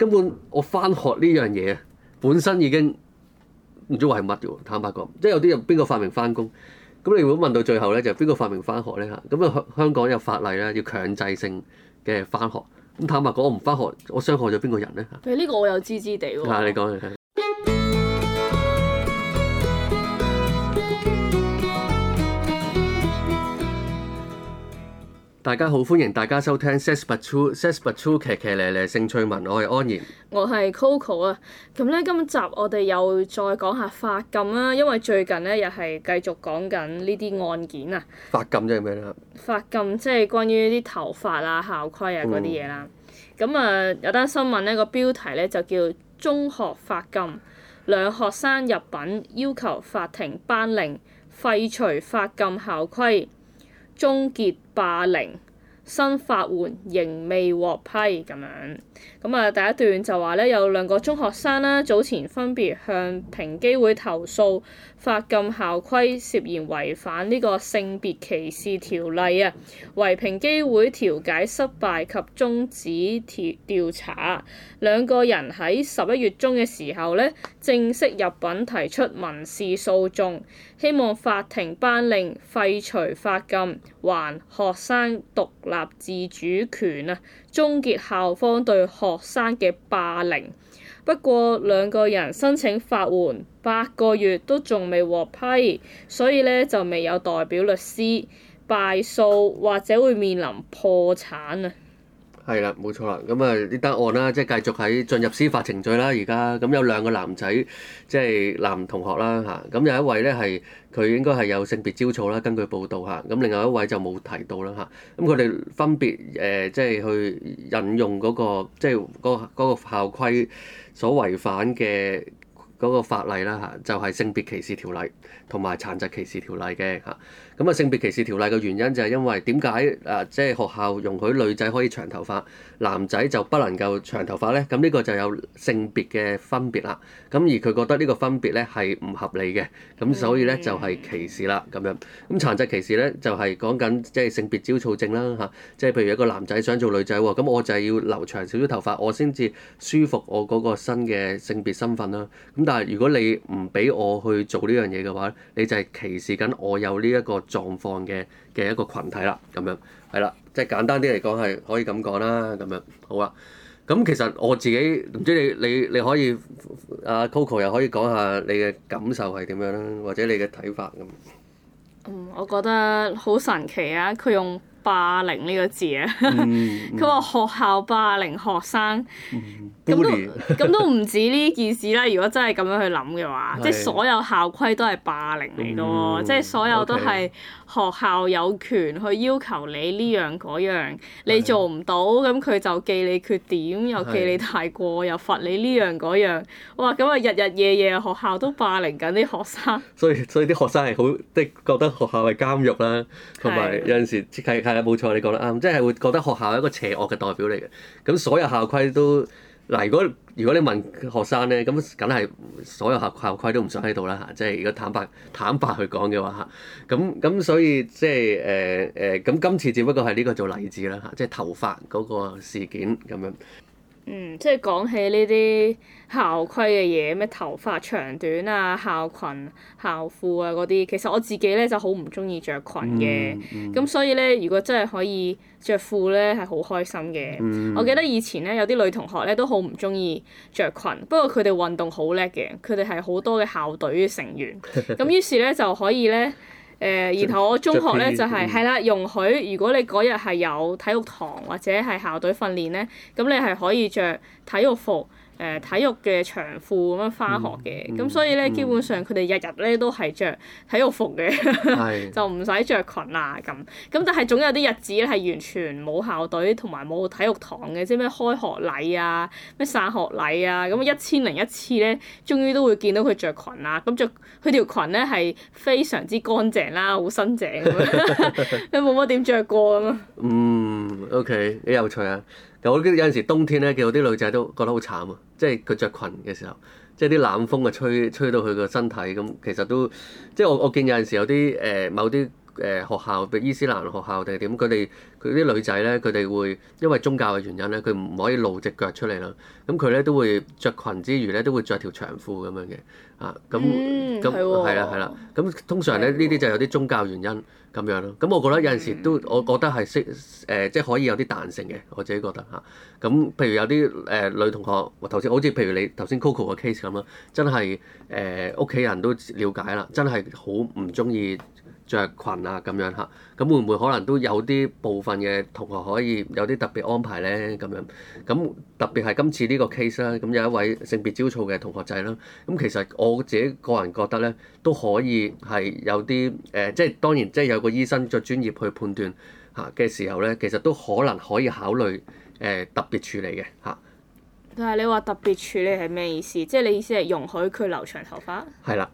根本我翻學呢樣嘢啊，本身已經唔知為乜嘅喎。坦白講，即係有啲人邊個發明翻工？咁你如果問到最後咧，就係邊個發明翻學咧？嚇，咁啊香香港有法例咧，要強制性嘅翻學。咁坦白講，我唔翻學，我傷害咗邊個人咧？誒，呢個我有知知地喎、啊。嗱，你講嘢。大家好，歡迎大家收聽 s oo, s oo，奇奇《s e s but true》蜜蜜，《s a but true》劇劇烈烈性趣聞，我係安然，我係 Coco 啊。咁咧，今集我哋又再講下髮禁啦，因為最近咧又係繼續講緊呢啲案件啊。髮禁即係咩咧？髮禁即係關於啲頭髮啊、校規啊嗰啲嘢啦。咁啊、嗯嗯，有單新聞呢、個標題咧就叫《中學髮禁》，兩學生入稟要求法庭頒令廢除髮禁校規。終結霸凌新法案仍未獲批咁樣。咁啊，第一段就話咧，有兩個中學生啦，早前分別向平機會投訴髮禁校規涉嫌違反呢個性別歧視條例啊。為平機會調解失敗及終止調查，兩個人喺十一月中嘅時候咧，正式入稟提出民事訴訟，希望法庭頒令廢除髮禁，還學生獨立自主權啊，終結校方對。學學生嘅霸凌，不過兩個人申請法援八個月都仲未獲批，所以呢就未有代表律師，敗訴或者會面臨破產啊！係啦，冇錯啦，咁啊呢單案啦，即係繼續喺進入司法程序啦。而家咁有兩個男仔，即係男同學啦嚇，咁有一位咧係佢應該係有性別焦躁啦。根據報道嚇，咁另外一位就冇提到啦嚇。咁佢哋分別誒，即、呃、係、就係、去引用嗰、嗰個即係嗰嗰個校規所違反嘅嗰個法例啦嚇，就係、係、性別歧視條例同埋殘疾歧視條例嘅嚇。咁啊，性別歧視條例嘅原因就係因為點解啊？即係學校容許女仔可以長頭髮，男仔就不能夠長頭髮咧？咁呢個就有性別嘅分別啦。咁而佢覺得呢個分別咧係唔合理嘅，咁所以咧就係歧視啦。咁樣，咁殘疾歧視咧就係講緊，即係性別焦躁症啦吓，即係譬如一個男仔想做女仔喎，咁我就係要留長少少頭髮，我先至舒服我嗰個新嘅性別身份啦。咁但係如果你唔俾我去做呢樣嘢嘅話，你就係歧視緊我有呢一個狀況嘅嘅一個群體啦，咁樣係啦，即係簡單啲嚟講係可以咁講啦，咁樣好啦。咁其實我自己唔知你你你可以，阿、啊、Coco 又可以講下你嘅感受係點樣啦，或者你嘅睇法咁。嗯，我覺得好神奇啊！佢用霸凌呢個字啊，佢話學校霸凌學生，咁都咁都唔止呢件事啦。如果真係咁樣去諗嘅話，即係所有校規都係霸凌嚟嘅喎，即係所有都係學校有權去要求你呢樣嗰樣，你做唔到，咁佢就記你缺點，又記你大過，又罰你呢樣嗰樣那。哇，咁啊日日夜夜學校都霸凌緊啲學生。所以所以啲學生係好即係覺得學校係監獄啦，同埋有陣時係啊，冇錯，你講得啱，即係會覺得學校係一個邪惡嘅代表嚟嘅。咁所有校規都嗱，如果如果你問學生咧，咁梗係所有校校規都唔想喺度啦嚇。即係如果坦白坦白去講嘅話嚇，咁咁所以即係誒誒，咁、呃呃、今次只不過係呢個做例子啦嚇，即係頭髮嗰個事件咁樣。嗯，即係講起呢啲校規嘅嘢，咩頭髮長短啊、校裙、校褲啊嗰啲，其實我自己咧就好唔中意着裙嘅。咁、嗯嗯、所以咧，如果真係可以着褲咧，係好開心嘅。嗯、我記得以前咧，有啲女同學咧都好唔中意着裙，不過佢哋運動好叻嘅，佢哋係好多嘅校隊成員。咁於是咧就可以咧。誒、呃，然後我中學咧就係、是，係啦、嗯，容許如果你嗰日係有體育堂或者係校隊訓練咧，咁你係可以著體育服。誒體育嘅長褲咁樣翻學嘅，咁所以咧基本上佢哋日日咧都係着體育服嘅，的 就唔使着裙啦咁。咁但係總有啲日子咧係完全冇校隊同埋冇體育堂嘅，即係咩開學禮啊、咩散學禮啊，咁一千零一次咧，終於都會見到佢着裙啦。咁着佢條裙咧係非常之乾淨啦，好新淨，你冇乜點着過咁咯。 嗯，OK，你有，有趣啊！我有陣時冬天咧，見到啲女仔都覺得好慘啊！即係佢着裙嘅時候，即係啲冷風啊吹吹到佢個身體咁，其實都即係、就是、我我見有陣時有啲誒某啲誒學校，譬如伊斯蘭學校定係點，佢哋佢啲女仔咧，佢哋會因為宗教嘅原因咧，佢唔可以露隻腳出嚟啦。咁佢咧都會着裙之餘咧，都會着條長褲咁樣嘅啊。咁咁係啦係啦。咁通常咧呢啲就有啲宗教原因。咁樣咯，咁我覺得有陣時都，嗯、我覺得係識誒，即、呃、係、就是、可以有啲彈性嘅，我自己覺得吓。咁、啊，譬如有啲誒、呃、女同學，頭先好似譬如你頭先 Coco 嘅 case 咁啦，真係誒屋企人都了解啦，真係好唔鍾意。着裙啊咁樣吓，咁會唔會可能都有啲部分嘅同學可以有啲特別安排咧？咁樣咁特別係今次呢個 case 啦，咁有一位性別焦躁嘅同學仔啦，咁其實我自己個人覺得咧都可以係有啲誒，即、呃、係當然即係有個醫生再專業去判斷吓嘅、啊、時候咧，其實都可能可以考慮誒、呃、特別處理嘅吓。啊、但係你話特別處理係咩意思？即、就、係、是、你意思係容許佢留長頭髮？係啦。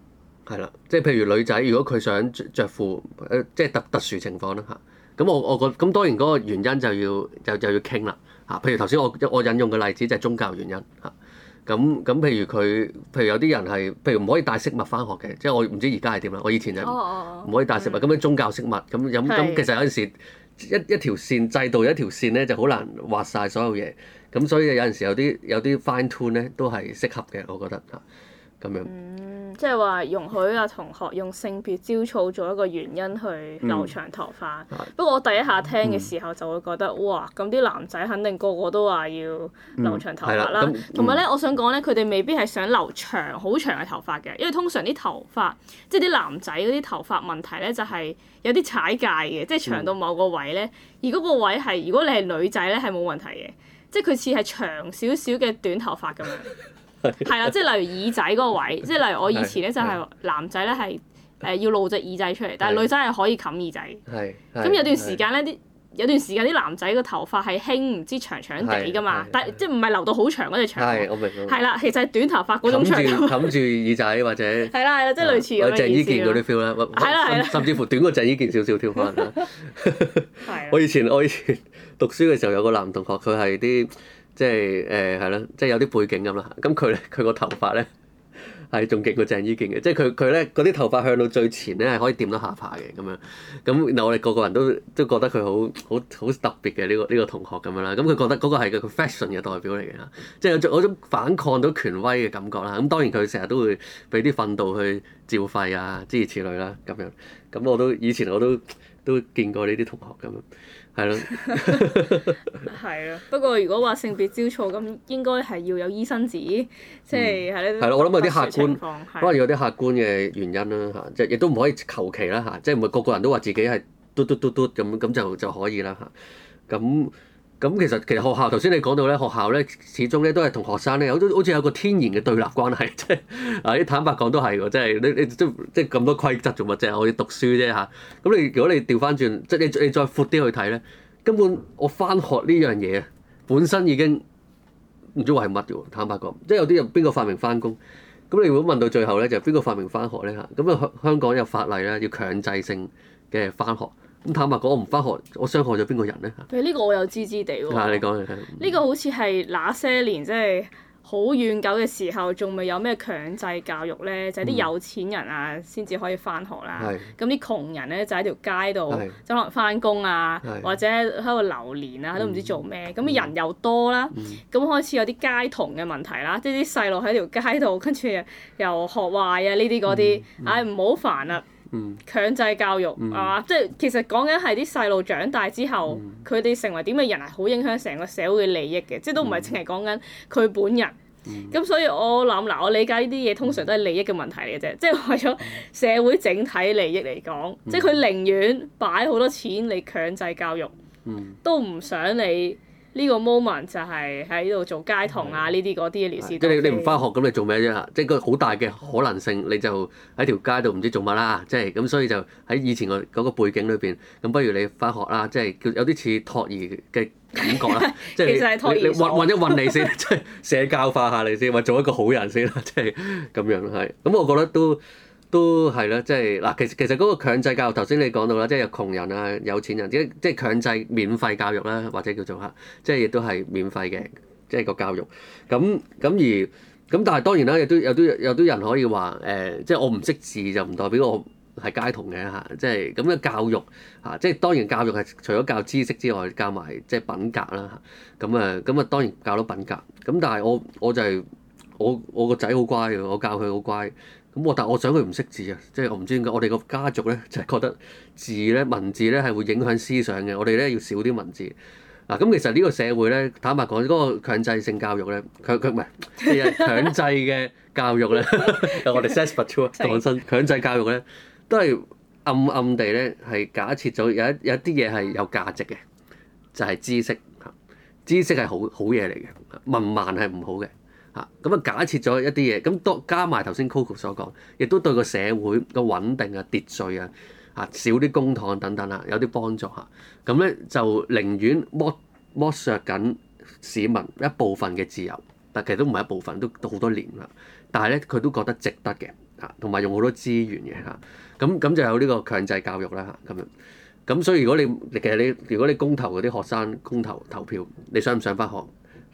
係啦，即係譬如女仔，如果佢想着著褲，誒，即係特特殊情況啦嚇。咁我我覺咁當然嗰個原因就要就就要傾啦嚇。譬如頭先我我引用嘅例子就係宗教原因嚇。咁咁譬如佢，譬如有啲人係，譬如唔可以帶飾物翻學嘅，即係我唔知而家係點啦。我以前就唔可以帶飾物，咁樣、哦嗯、宗教飾物咁咁，是其實有陣時一一條線制度有一條線咧，就好難劃晒所有嘢。咁所以有陣時有啲有啲 fine tune 咧都係適合嘅，我覺得嚇咁樣。嗯即係話容許啊，同學用性別焦躁做一個原因去留長頭髮，嗯、不過我第一下聽嘅時候就會覺得，嗯、哇！咁啲男仔肯定個個都話要留長頭髮啦。同埋咧，我想講咧，佢哋未必係想留長好長嘅頭髮嘅，因為通常啲頭髮，即係啲男仔嗰啲頭髮問題咧，就係、是、有啲踩界嘅，即係長到某個位咧，而嗰個位係如果你係女仔咧，係冇問題嘅，即係佢似係長少少嘅短頭髮咁樣。 係啦，即係例如耳仔嗰個位，即係例如我以前咧就係男仔咧，係誒要露隻耳仔出嚟，但係女仔係可以冚耳仔。係。咁有段時間咧，啲有段時間啲男仔個頭髮係興唔知長長地㗎嘛，但係即係唔係留到好長嗰隻長。係，我明。係啦，其實係短頭髮嗰種長。冚住，冚住耳仔或者。係啦係啦，即係類似。鄭伊健嗰啲 feel 啦。係啦係啦，甚至乎短過鄭伊健少少條髮。我以前我以前讀書嘅時候有個男同學佢係啲。即係誒係咯，即係有啲背景咁啦。咁佢佢個頭髮咧係仲勁過鄭伊健嘅，即係佢佢咧嗰啲頭髮向到最前咧係可以掂到下巴嘅咁樣。咁嗱我哋個個人都都覺得佢好好好特別嘅呢個呢個同學咁樣啦。咁佢覺得嗰個係佢個 fashion 嘅代表嚟嘅，即係有種有種反抗到權威嘅感覺啦。咁當然佢成日都會俾啲訓導去照肺啊、諸如此類啦咁樣。咁我都以前我都都見過呢啲同學咁樣。係咯，係咯。不過如果話性別焦躁咁，應該係要有醫生紙，即係喺呢啲咯，我諗有啲客觀， 可能有啲客觀嘅原因啦嚇。即係亦都唔可以求其啦嚇。即係唔係個個人都話自己係嘟嘟嘟嘟咁咁就就可以啦嚇。咁。咁其實其實學校頭先你講到咧，學校咧，始終咧，都係同學生咧，有好似有個天然嘅對立關係，即係啊，坦白講都係喎，即係你你即即咁多規則做乜？即係我要讀書啫吓，咁你如果你調翻轉，即係你你再闊啲去睇咧，根本我翻學呢樣嘢本身已經唔知為乜嘅喎。坦白講，即係有啲人邊個發明翻工？咁你如果問到最後咧，就係邊個發明翻學咧嚇？咁啊香香港有法例咧，要強制性嘅翻學。坦白講，我唔翻學，我傷害咗邊個人咧？誒，呢個我有知知地喎。係你講嘅。呢個好似係那些年，即係好遠久嘅時候，仲未有咩強制教育咧，就係啲有錢人啊，先至可以翻學啦。咁啲窮人咧，就喺條街度，走落嚟翻工啊，或者喺度流連啊，都唔知做咩。咁人又多啦，咁開始有啲街童嘅問題啦，即係啲細路喺條街度，跟住又學壞啊，呢啲嗰啲，唉，唔好煩啦。嗯、強制教育、嗯、啊，即係其實講緊係啲細路長大之後，佢哋、嗯、成為點嘅人係好影響成個社會嘅利益嘅，即係都唔係淨係講緊佢本人。咁、嗯、所以我諗嗱，我理解呢啲嘢通常都係利益嘅問題嚟嘅啫，即係為咗社會整體利益嚟講，嗯、即係佢寧願擺好多錢嚟強制教育，嗯、都唔想你。呢個 moment 就係喺度做街童啊，呢啲嗰啲嘅事。即係你你唔返學咁，你做咩啫？即係個好大嘅可能性，你就喺條街度唔知做乜啦。即係咁，所以就喺以前個嗰背景裏邊，咁不如你返學啦。即係叫有啲似托兒嘅感覺啦。即係 其實係託兒你你你，運運一運你先，即係社交化下你先，或做一個好人先啦。即係咁樣係。咁我覺得都。都係咯，即係嗱，其實其實嗰個強制教育，頭先你講到啦，即係窮人啊、有錢人，即即係強制免費教育啦，或者叫做吓，即係亦都係免費嘅，即係個教育。咁咁而咁，但係當然啦，又都有都有啲人可以話誒，即係我唔識字就唔代表我係街童嘅嚇，即係咁嘅教育嚇，即係當然教育係除咗教知識之外，教埋即係品格啦嚇。咁啊咁啊，啊，啊，當然教到品格。咁但係我我就係我我個仔好乖嘅，我教佢好乖。咁但係我想佢唔識字啊！即係我唔知點解我哋個家族咧就係覺得字咧文字咧係會影響思想嘅，我哋咧要少啲文字嗱。咁其實呢個社會咧，坦白講，嗰個強制性教育咧，強強唔係強制嘅教育咧， 我哋 says but true 講真 強制教育咧都係暗暗地咧係假設咗有一有啲嘢係有價值嘅，就係知識知識係好好嘢嚟嘅，文盲係唔好嘅。嚇咁啊，假設咗一啲嘢，咁多加埋頭先 Coco 所講，亦都對個社會個穩定啊、秩序啊、啊少啲公帑等等啦，有啲幫助嚇。咁咧就寧願剝剝削緊市民一部分嘅自由，但其實都唔係一部分，都好多年啦。但係咧，佢都覺得值得嘅嚇，同埋用好多資源嘅嚇。咁咁就有呢個強制教育啦嚇。咁樣咁所以如果你你其實你如果你公投嗰啲學生公投投票，你想唔想返學？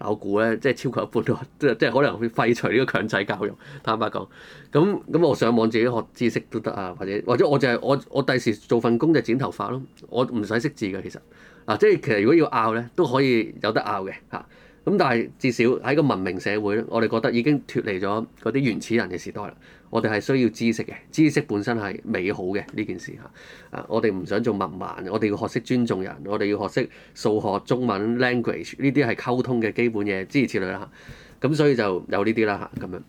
咬估咧，即係超過一半咯，即係即係可能廢除呢個強制教育，坦白講。咁咁我上網自己學知識都得啊，或者或者我就係、是、我我第時做份工就剪頭髮咯，我唔使識字嘅其實。嗱、啊，即係其實如果要拗咧，都可以有得拗嘅吓。咁、啊、但係至少喺個文明社會咧，我哋覺得已經脱離咗嗰啲原始人嘅時代啦。我哋係需要知識嘅，知識本身係美好嘅呢件事吓。啊，我哋唔想做文盲，我哋要學識尊重人，我哋要學識數學、中文 language 呢啲係溝通嘅基本嘢，諸如此類啦。咁所以就有呢啲啦吓，咁樣。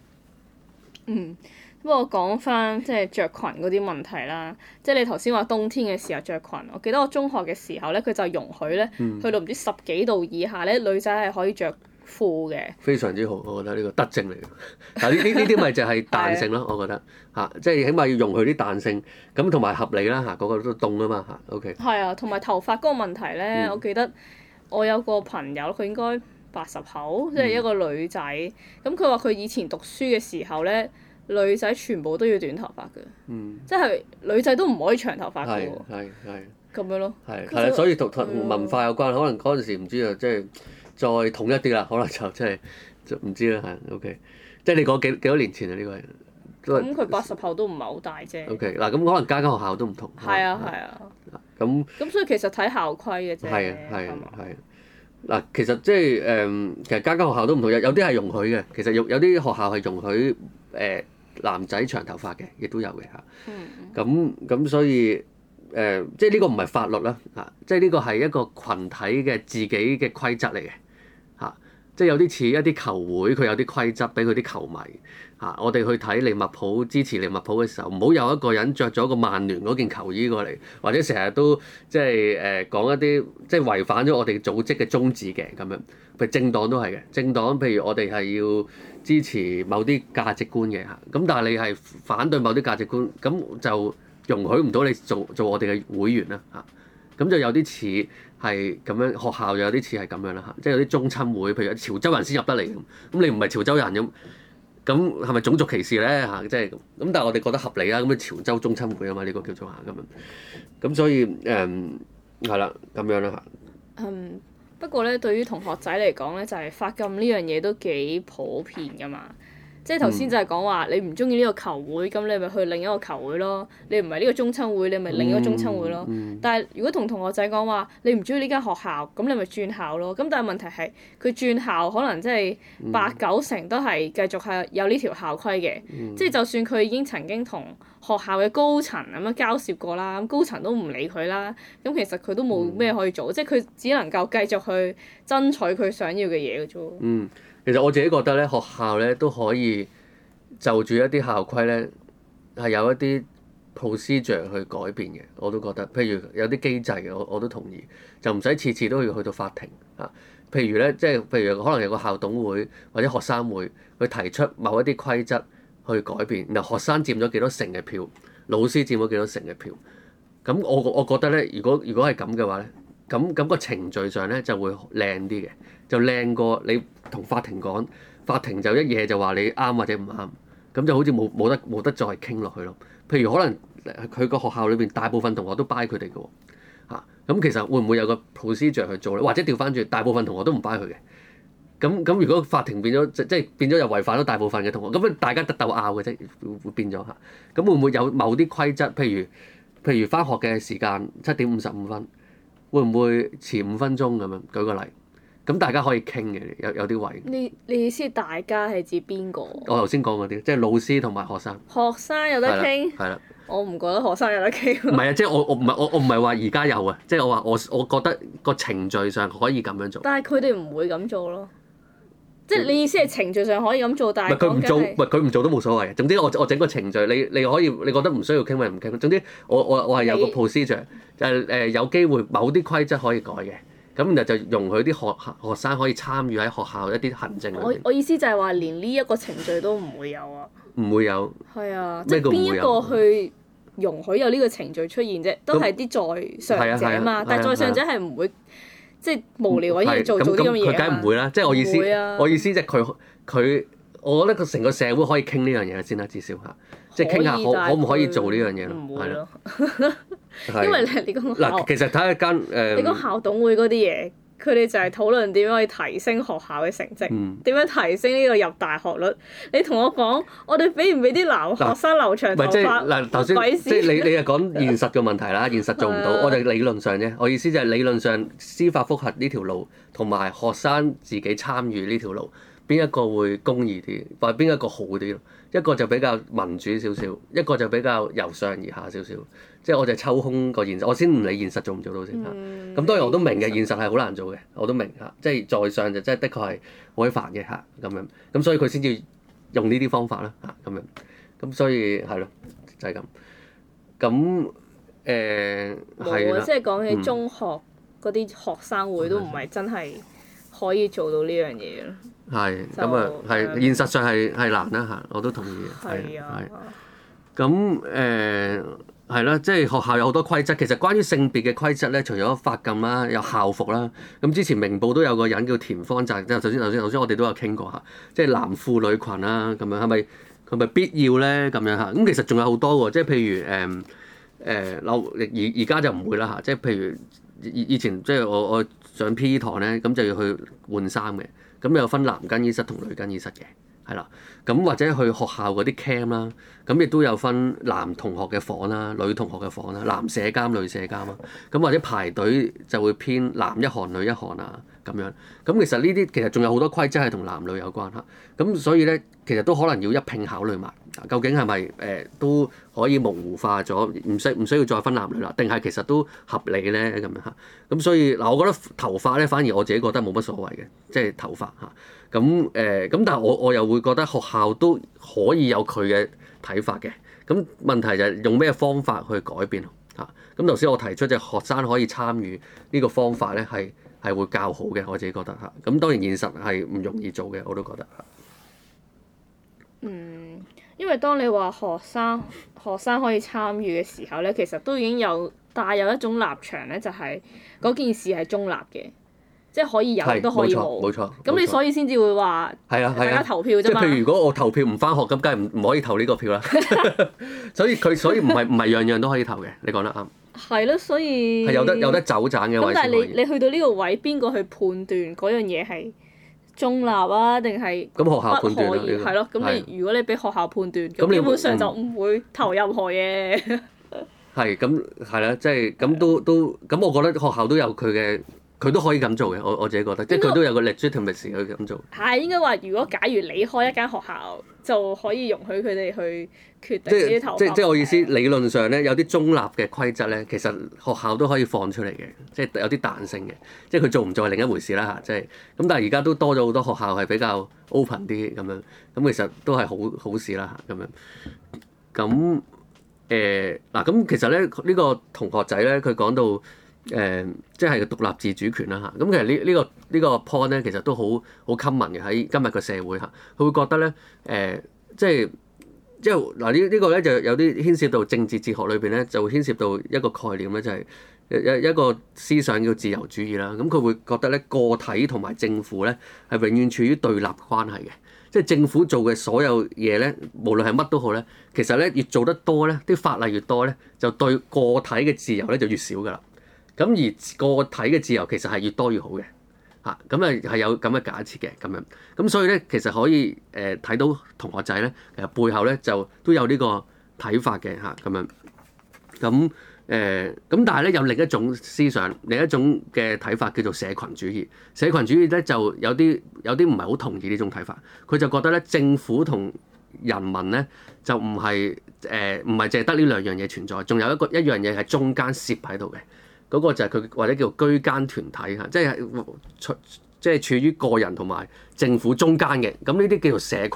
嗯，不過講翻即係著裙嗰啲問題啦，即係你頭先話冬天嘅時候着裙，我記得我中學嘅時候咧，佢就容許咧、嗯、去到唔知十幾度以下咧，女仔係可以着。富嘅，非常之好，我覺得呢個德政嚟嘅。但係呢呢啲咪就係彈性咯， 是的 我覺得嚇，即係起碼要用佢啲彈性，咁同埋合理啦嚇，嗰個都凍啊嘛嚇。O、OK、K。係啊，同埋頭髮嗰個問題咧，嗯、我記得我有個朋友，佢應該八十後，即、就、係、是、一個女仔。咁佢話佢以前讀書嘅時候咧，女仔全部都要短頭髮㗎，嗯，即係女仔都唔可以長頭髮㗎喎，係咁樣咯，係係所以同文化有關，可能嗰陣時唔知啊，即係。再統一啲啦，可能就真係，就唔知啦嚇。O K，即係你講幾幾多年前啊？呢個咁佢八十後都唔係好大啫。O K，嗱咁可能間間學校都唔同。係啊，係啊。咁咁、啊、那所以其實睇校規嘅啫。係啊，係啊，係吧啊。嗱、啊，其實即係誒，其實間間學校都唔同，有啲係容許嘅。其實有啲學校係容許誒男仔長頭髮嘅，亦都有嘅嚇。咁、啊、咁、嗯、所以誒，即係呢個唔係法律啦嚇，即係呢個係一個群體嘅自己嘅規則嚟嘅。即係有啲似一啲球會，佢有啲規則俾佢啲球迷嚇、啊，我哋去睇利物浦，支持利物浦嘅時候，唔好有一個人着咗個曼聯嗰件球衣過嚟，或者成日都即係誒、呃、講一啲即係違反咗我哋組織嘅宗旨嘅咁樣。譬如政黨都係嘅，政黨譬如我哋係要支持某啲價值觀嘅嚇，咁、啊、但係你係反對某啲價值觀，咁就容許唔到你做做我哋嘅會員啦嚇。啊咁就有啲似係咁樣，學校又有啲似係咁樣啦嚇，即係有啲中親會，譬如潮州人先入得嚟咁，咁你唔係潮州人咁，咁係咪種族歧視咧嚇？即係咁，咁但係我哋覺得合理啦，咁潮州中親會啊嘛，呢、這個叫做嚇咁樣，咁所以誒，係、嗯、啦，咁樣啦嚇。嗯，不過咧，對於同學仔嚟講咧，就係、是、髮禁呢樣嘢都幾普遍㗎嘛。即係頭先就係講話你唔鍾意呢個球會，咁你咪去另一個球會咯。你唔係呢個中親會，你咪另一個中親會咯。嗯嗯、但係如果同同學仔講話你唔鍾意呢間學校，咁你咪轉校咯。咁但係問題係佢轉校，可能即係八九成都係繼續係有呢條校規嘅。嗯、即係就算佢已經曾經同學校嘅高層咁樣交涉過啦，咁高層都唔理佢啦。咁其實佢都冇咩可以做，嗯、即係佢只能夠繼續去爭取佢想要嘅嘢嘅啫。嗯其實我自己覺得咧，學校咧都可以就住一啲校規咧係有一啲 procedure 去改變嘅，我都覺得。譬如有啲機制，我我都同意，就唔使次次都要去到法庭啊。譬如咧，即係譬如可能有個校董會或者學生會去提出某一啲規則去改變，然後學生佔咗幾多成嘅票，老師佔咗幾多成嘅票。咁我我覺得咧，如果如果係咁嘅話咧。咁咁個程序上咧就會靚啲嘅，就靚過你同法庭講，法庭就一夜就話你啱或者唔啱，咁就好似冇冇得冇得再傾落去咯。譬如可能佢個學校裏邊大部分同學都 buy 佢哋㗎喎哈，咁其實會唔會有個 procedure 去做咧？或者調翻轉，大部分同學都唔 buy 佢嘅。咁咁如果法庭變咗即即係變咗又違反咗大部分嘅同學，咁樣大家得鬥拗嘅啫，變會變咗嚇。咁會唔會有某啲規則？譬如譬如翻學嘅時間七點五十五分。會唔會遲五分鐘咁樣？舉個例，咁大家可以傾嘅，有有啲位你，你你意思大家係指邊個？我頭先講嗰啲，即係老師同埋學生。學生有得傾。係啦。我唔覺得學生有得傾。唔係啊，即係我我唔係我我唔係話而家有啊，即係我話我我覺得個程序上可以咁樣做。但係佢哋唔會咁做咯。即係你意思係程序上可以咁做，做，但係佢唔做，佢唔做都冇所謂。總之我我整個程序，你你可以你覺得唔需要傾咪唔傾。總之我我我係有個 procedure，你就係誒有機會某啲規則可以改嘅。咁然後就容許啲學學生可以參與喺學校一啲行政。我我意思就係話，連呢一個程序都唔會有啊，唔會有。係啊，即係邊一個去容許有呢個程序出現啫？都係啲在上者嘛，但係在上者係唔會。即係無聊可以做到咁嘅嘢，佢梗係唔會啦，即係我意思，我意思即係佢佢，我覺得佢成個社會可以傾呢樣嘢先啦，至少嚇，即係傾下可可唔可以做呢樣嘢咯？唔會咯，因為咧，你嗱，其實睇下間誒，你講校董會嗰啲嘢。佢哋就係討論點樣去提升學校嘅成績，點、嗯、樣提升呢個入大學率。你同我講，我哋俾唔俾啲留學生留長頭髮？即係嗱頭先，即係、啊、市你你又講現實嘅問題啦， 現實做唔到，我哋理論上啫。我意思就係理論上，司法覆核呢條路同埋學生自己參與呢條路，邊一個會公義啲，或邊一個好啲？一個就比較民主少少，一個就比較由上而下少少，即係我就抽空個現實，我先唔理現實做唔做到先嚇。咁、嗯嗯、當然我都明嘅，現實係好難做嘅，我都明嚇。即係在上就真係的確係好鬼煩嘅嚇，咁樣咁所以佢先至用呢啲方法啦嚇，咁樣咁所以係咯就係、是、咁。咁誒冇啊，即係講起中學嗰啲學生會都唔係真係可以做到呢樣嘢咯。係咁啊，係現實上係係難啦嚇，我都同意係係咁誒係啦，即係學校有好多規則。其實關於性別嘅規則咧，除咗髮禁啦，有校服啦。咁之前明報都有個人叫田方澤，就係，即係首先頭先頭先，我哋都有傾過嚇，即係男褲女裙啦咁樣，係咪係咪必要咧？咁樣嚇咁其實仲有好多喎，即係譬如誒誒而而家就唔會啦嚇，即係譬如以前即係我我上 P E 堂咧，咁就要去換衫嘅。咁有分男更衣室同女更衣室嘅。係啦，咁或者去學校嗰啲 camp 啦，咁亦都有分男同學嘅房啦、女同學嘅房啦、男社監、女社監啦。咁或者排隊就會偏男一行、女一行啊，咁樣。咁其實呢啲其實仲有好多規則係同男女有關嚇，咁、啊、所以咧其實都可能要一拼考慮埋，究竟係咪誒都可以模糊化咗，唔需唔需要再分男女啦？定係其實都合理咧咁樣嚇。咁、啊、所以嗱、啊，我覺得頭髮咧反而我自己覺得冇乜所謂嘅，即係頭髮嚇。啊咁誒，咁但係我我又會覺得學校都可以有佢嘅睇法嘅。咁問題就係用咩方法去改變啊？咁頭先我提出就係學生可以參與呢個方法咧，係係會較好嘅，我自己覺得嚇。咁當然現實係唔容易做嘅，我都覺得嗯，因為當你話學生學生可以參與嘅時候咧，其實都已經有帶有一種立場咧，就係嗰件事係中立嘅。即係可以有都可以冇，冇錯。咁你所以先至會話係啊，大家投票啫嘛。即係譬如果我投票唔返學咁，梗係唔唔可以投呢個票啦。所以佢所以唔係唔係樣樣都可以投嘅。你講得啱。係咯，所以係有得有得走盞嘅。但係你你去到呢個位，邊個去判斷嗰樣嘢係中立啊，定係咁學校判斷係咯？咁你如果你俾學校判斷，基本上就唔會投任何嘢。係咁係啦，即係咁都都咁，我覺得學校都有佢嘅。佢都可以咁做嘅，我我自己覺得，即係佢都有個 legitimacy 嘅去咁做。係應該話，如果假如你開一間學校，就可以容許佢哋去決定自己投票。即即即我意思，理論上咧，有啲中立嘅規則咧，其實學校都可以放出嚟嘅，即係有啲彈性嘅。即係佢做唔做係另一回事啦吓、啊，即係咁，但係而家都多咗好多學校係比較 open 啲咁樣，咁其實都係好好事啦吓，咁樣。咁誒嗱，咁、欸啊、其實咧呢、呢個同學仔咧，佢講到。誒、嗯，即係獨立自主權啦嚇。咁其實呢呢個呢個 point 咧，其實,、這個這個、point, 其實都好好 common 嘅喺今日個社會嚇。佢會覺得咧，誒、嗯，即係即係嗱、這個、呢呢個咧，就有啲牽涉到政治哲學裏邊咧，就會牽涉到一個概念咧，就係、是、一一個思想叫自由主義啦。咁、嗯、佢會覺得咧，個體同埋政府咧係永遠處於對立關係嘅，即係政府做嘅所有嘢咧，無論係乜都好咧，其實咧越做得多咧，啲法例越多咧，就對個體嘅自由咧就越少㗎啦。咁而個體嘅自由其實係越多越好嘅，嚇咁啊，係有咁嘅假設嘅咁樣。咁所以咧其實可以誒睇、呃、到同學仔咧其實背後咧就都有呢個睇法嘅嚇，咁樣。咁誒咁但係咧有另一種思想，另一種嘅睇法叫做社群主義。社群主義咧就有啲有啲唔係好同意呢種睇法，佢就覺得咧政府同人民咧就唔係誒唔係淨係得呢兩樣嘢存在，仲有一個一樣嘢係中間涉喺度嘅。嗰個就係佢或者叫居間團體嚇，即係處即係處於個人同埋政府中間嘅。咁呢啲叫做社群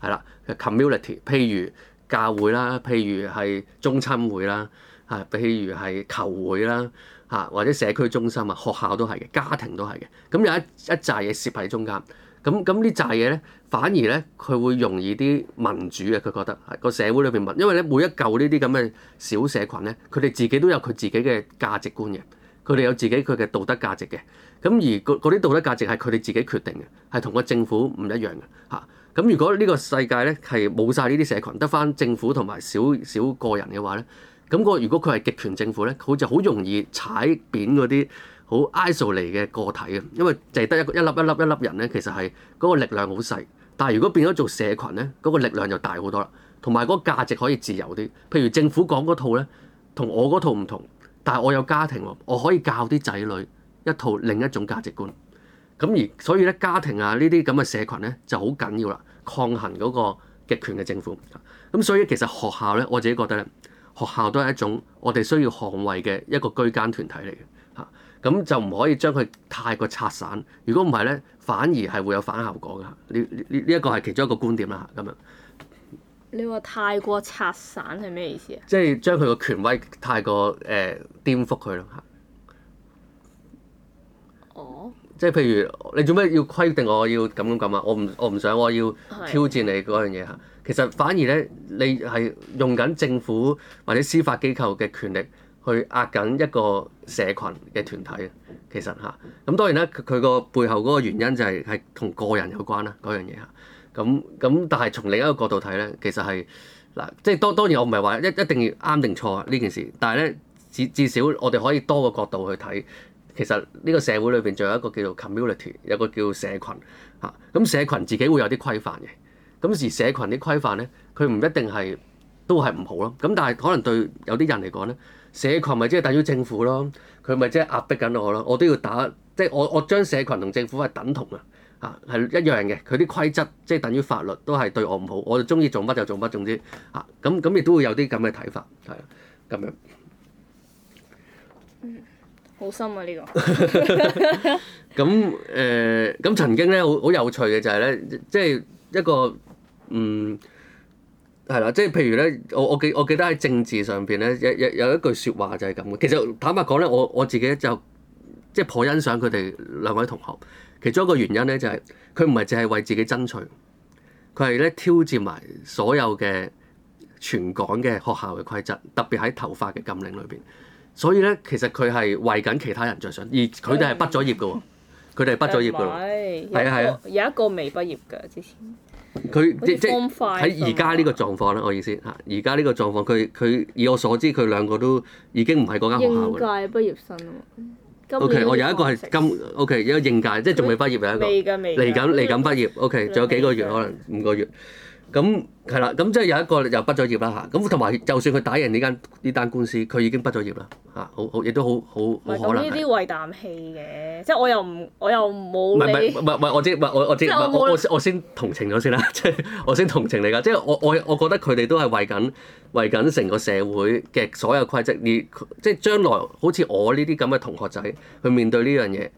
係啦，community。譬如教會啦，譬如係中親會啦，嚇，譬如係球會啦，嚇，或者社區中心啊，學校都係嘅，家庭都係嘅。咁有一一紮嘢攝喺中間。咁咁呢扎嘢咧，反而咧佢會容易啲民主嘅。佢覺得個社會裏邊民，因為咧每一嚿呢啲咁嘅小社群咧，佢哋自己都有佢自己嘅價值觀嘅，佢哋有自己佢嘅道德價值嘅。咁而嗰啲道德價值係佢哋自己決定嘅，係同個政府唔一樣嘅嚇。咁、啊、如果呢個世界咧係冇晒呢啲社群，得返政府同埋小小個人嘅話咧，咁、個如果佢係極權政府咧，佢就好容易踩扁嗰啲。好 isolate 嘅個體嘅，因為淨係得一個一粒一粒一粒人咧，其實係嗰個力量好細。但係如果變咗做社群咧，嗰個力量就大好多啦。同埋嗰價值可以自由啲。譬如政府講嗰套咧，同我嗰套唔同，但係我有家庭喎，我可以教啲仔女一套另一種價值觀。咁而所以咧，家庭啊呢啲咁嘅社群咧就好緊要啦，抗衡嗰個極權嘅政府。咁所以其實學校咧，我自己覺得咧，學校都係一種我哋需要捍衞嘅一個居間團體嚟嘅。咁就唔可以將佢太過拆散，如果唔係咧，反而係會有反效果噶。呢呢呢一個係其中一個觀點啦。咁樣，你話太過拆散係咩意思啊？即係將佢個權威太過誒、呃、顛覆佢咯嚇。哦，即係譬如你做咩要規定我要咁咁咁啊？我唔我唔想我要挑戰你嗰樣嘢嚇。的其實反而咧，你係用緊政府或者司法機構嘅權力。去壓緊一個社群嘅團體，其實吓咁、啊、當然啦，佢佢個背後嗰個原因就係係同個人有關啦，嗰樣嘢吓。咁、啊、咁但係從另一個角度睇咧，其實係嗱、啊，即係當當然我唔係話一一定要啱定錯呢件事，但係咧至至少我哋可以多個角度去睇，其實呢個社會裏邊仲有一個叫做 community，有個叫社群吓。咁、啊啊、社群自己會有啲規範嘅，咁、啊、時社群啲規範咧，佢唔一定係都係唔好咯。咁、啊、但係可能對有啲人嚟講咧。社群咪即係等於政府咯，佢咪即係壓迫緊我咯，我都要打，即係我我將社群同政府係等同啊，吓係一樣嘅，佢啲規則即係等於法律，都係對我唔好，我中意做乜就做乜，總之吓咁咁亦都會有啲咁嘅睇法，係咁、啊、樣。嗯，好深啊呢、這個。咁 誒， 咁、呃、曾經咧好好有趣嘅就係咧，即、就、係、是、一個嗯。係啦，即係譬如咧，我我記我記得喺政治上邊咧，有有有一句説話就係咁嘅。其實坦白講咧，我我自己就即係頗欣賞佢哋兩位同學。其中一個原因咧就係佢唔係淨係為自己爭取，佢係咧挑戰埋所有嘅全港嘅學校嘅規則，特別喺頭髮嘅禁令裏邊。所以咧，其實佢係為緊其他人着想，而佢哋係畢咗業㗎喎，佢哋係畢咗業㗎，係啊係啊，有一個未畢業㗎之前。佢他即即喺而家呢個狀況咧，我意思吓，而家呢個狀況，佢佢、啊、以我所知，佢兩個都已經唔係嗰間學校嘅。應屆畢業生啊 OK，我有一個係今 O、okay, K，有個應屆即係仲未畢業有一個嚟緊嚟緊畢業，O K，仲有幾個月可能五個月。咁係啦，咁即係有一個又畢咗業啦嚇，咁同埋就算佢打贏呢間呢單官司，佢已經畢咗業啦嚇，好好亦都好好好可能。呢啲為啖氣嘅，即係我又唔我又冇理。唔係唔係，我知沒我，我我知，我我先同情咗先啦，即 係我先同情你噶，即係我我我覺得佢哋都係為緊為緊成個社會嘅所有規則你，即係將來好似我呢啲咁嘅同學仔，去面對呢樣嘢，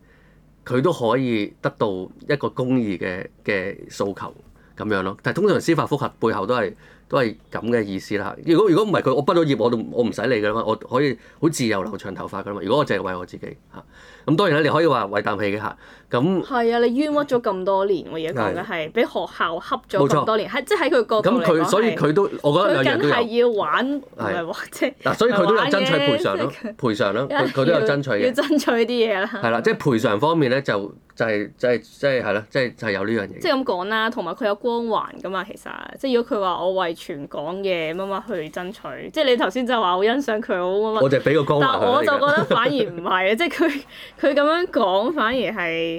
佢都可以得到一個公義嘅嘅訴求。咁樣咯，但係通常司法覆核背後都係都係咁嘅意思啦。如果如果唔係佢，我畢咗業，我都我唔使理噶啦嘛，我可以好自由留長頭髮噶嘛。如果我淨係為我自己嚇，咁、啊、當然咧，你可以話為啖氣嘅嚇。咁係啊！你冤屈咗咁多年，我而家講嘅係俾學校恰咗咁多年，即係喺佢個咁佢，所以佢都我覺得佢緊係要玩，唔係話啫。嗱，所以佢都有爭取賠償咯，賠償咯，佢都有爭取嘅。要爭取啲嘢啦。係啦，即係賠償方面咧，就就係即係即係係咯，即係就係有呢樣嘢。即係咁講啦，同埋佢有光環噶嘛，其實即係如果佢話我為全港嘅乜乜去爭取，即係你頭先真係話好欣賞佢，好乜乜。我就俾個光環。但我就覺得反而唔係啊，即係佢佢咁樣講反而係。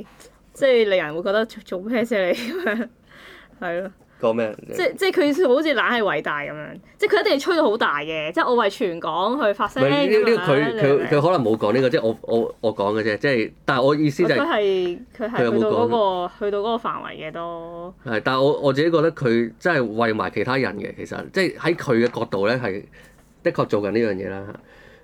即係令人會覺得做咩啫，你咁樣，係 咯的。講咩？即即係佢好似懶係偉大咁樣，即係佢一定係吹到好大嘅，即係我為全港去發聲，佢佢佢可能冇講呢個，即係我我我講嘅啫。即係，但係我意思就係佢係佢係去到嗰個去到嗰個範圍嘅都。係，但係我我自己覺得佢真係為埋其他人嘅，其實即係喺佢嘅角度咧，係的確做緊呢樣嘢啦。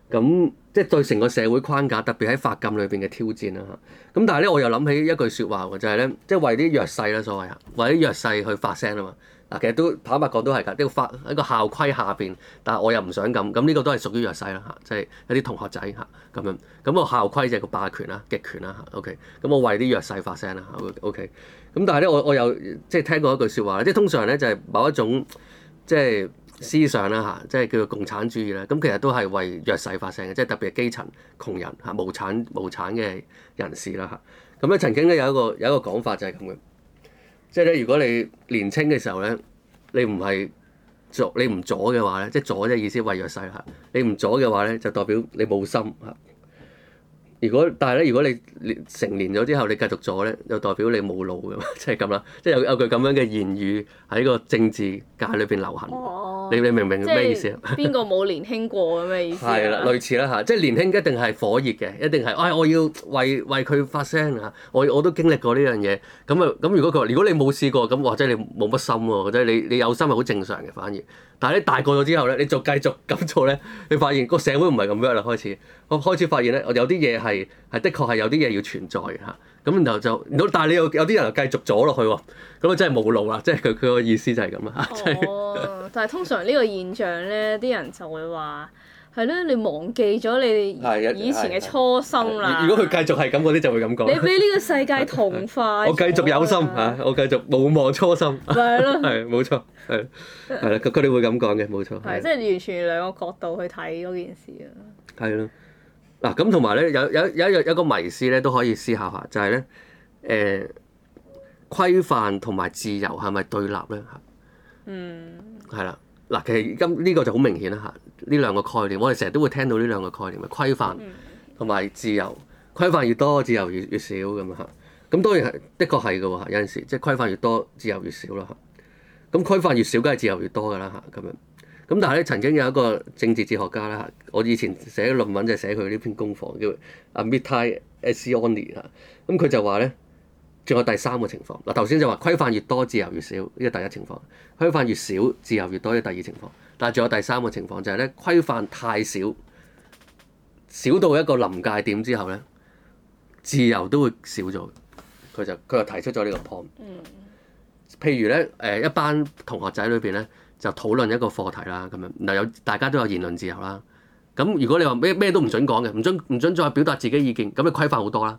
咁。即係對成個社會框架，特別喺髮禁裏邊嘅挑戰啦嚇。咁但係咧，我又諗起一句説話就係咧，即係為啲弱勢啦，所謂嚇，為啲弱勢去發聲啊嘛。嗱，其實都坦白講都係㗎，呢個法，一個校規下邊，但係我又唔想咁。咁呢個都係屬於弱勢啦嚇，即係有啲同學仔嚇咁樣。咁個校規就係個霸權啦、極權啦嚇。OK，咁我為啲弱勢發聲啦。OK，咁但係咧，我我又即係聽過一句説話，即係通常咧就係某一種即係，思想啦嚇，即係叫做共產主義啦。咁其實都係為弱勢發聲嘅，即係特別係基層窮人嚇，無產無產嘅人士啦嚇。咁咧曾經咧有一個有一個講法就係咁嘅，即係咧如果你年青嘅時候咧，你唔係左你唔左嘅話咧，即係左嘅意思為弱勢啦。你唔左嘅話咧，就代表你冇心嚇。如果但係咧，如果你成年咗之後你繼續左咧，又代表你冇腦嘅嘛，即係咁啦。即係有有句咁樣嘅言語喺個政治界裏邊流行。你你明唔明咩意思？邊個冇年輕過咁嘅意思啊？係啦， 類似啦嚇，即係年輕一定係火熱嘅，一定係，哎，我要為為佢發聲啊！我我都經歷過呢樣嘢，咁啊，咁如果佢如果你冇試過咁，或者你冇乜心喎，或者你你有心係好正常嘅，反而。但係你大個咗之後咧，你就繼續咁做咧，你發現個社會唔係咁樣啦，開始我開始發現咧，我有啲嘢係係的確係有啲嘢要存在嚇。咁然後就，但係你有有啲人繼續咗落去喎，咁啊真係冇腦啦，即係佢佢個意思就係咁啦。但係通常呢個現象咧，啲人就會話係咯，你忘記咗你以前嘅初心啦。如果佢繼續係咁，嗰啲就會咁講。你俾呢個世界同化。我繼續有心嚇，我繼續冇忘初心。咪係咯。係冇錯，係係啦，佢哋會咁講嘅，冇錯。係即係完全兩個角度去睇嗰件事啊。係咯。嗱，咁同埋咧，有有有一有一個迷思咧，都可以思考下，就係、是、咧，誒、呃，規範同埋自由係咪對立咧？嗯，係啦。嗱，其實今呢個就好明顯啦嚇。呢兩個概念，我哋成日都會聽到呢兩個概念嘅規範同埋自由。規範越多，自由越越少咁啊嚇。咁當然係，的確係嘅喎。有陣時即係規範越多，自由越少啦嚇。咁規範越少，梗係自由越多㗎啦嚇咁樣。咁但係咧，曾經有一個政治哲學家啦，我以前寫論文就寫佢呢篇功課叫阿 Mitai Asioni 啊。咁佢就話咧，仲有第三個情況。嗱，頭先就話規範越多，自由越少，呢個第一情況；規範越少，自由越多，呢第二情況。但係仲有第三個情況就係咧，規範太少，少到一個臨界點之後咧，自由都會少咗。佢就佢就提出咗呢個 point。譬如咧，誒一班同學仔裏邊咧。就討論一個課題啦，咁樣嗱有大家都有言論自由啦。咁如果你話咩咩都唔準講嘅，唔準唔準再表達自己意見，咁咪規範好多啦。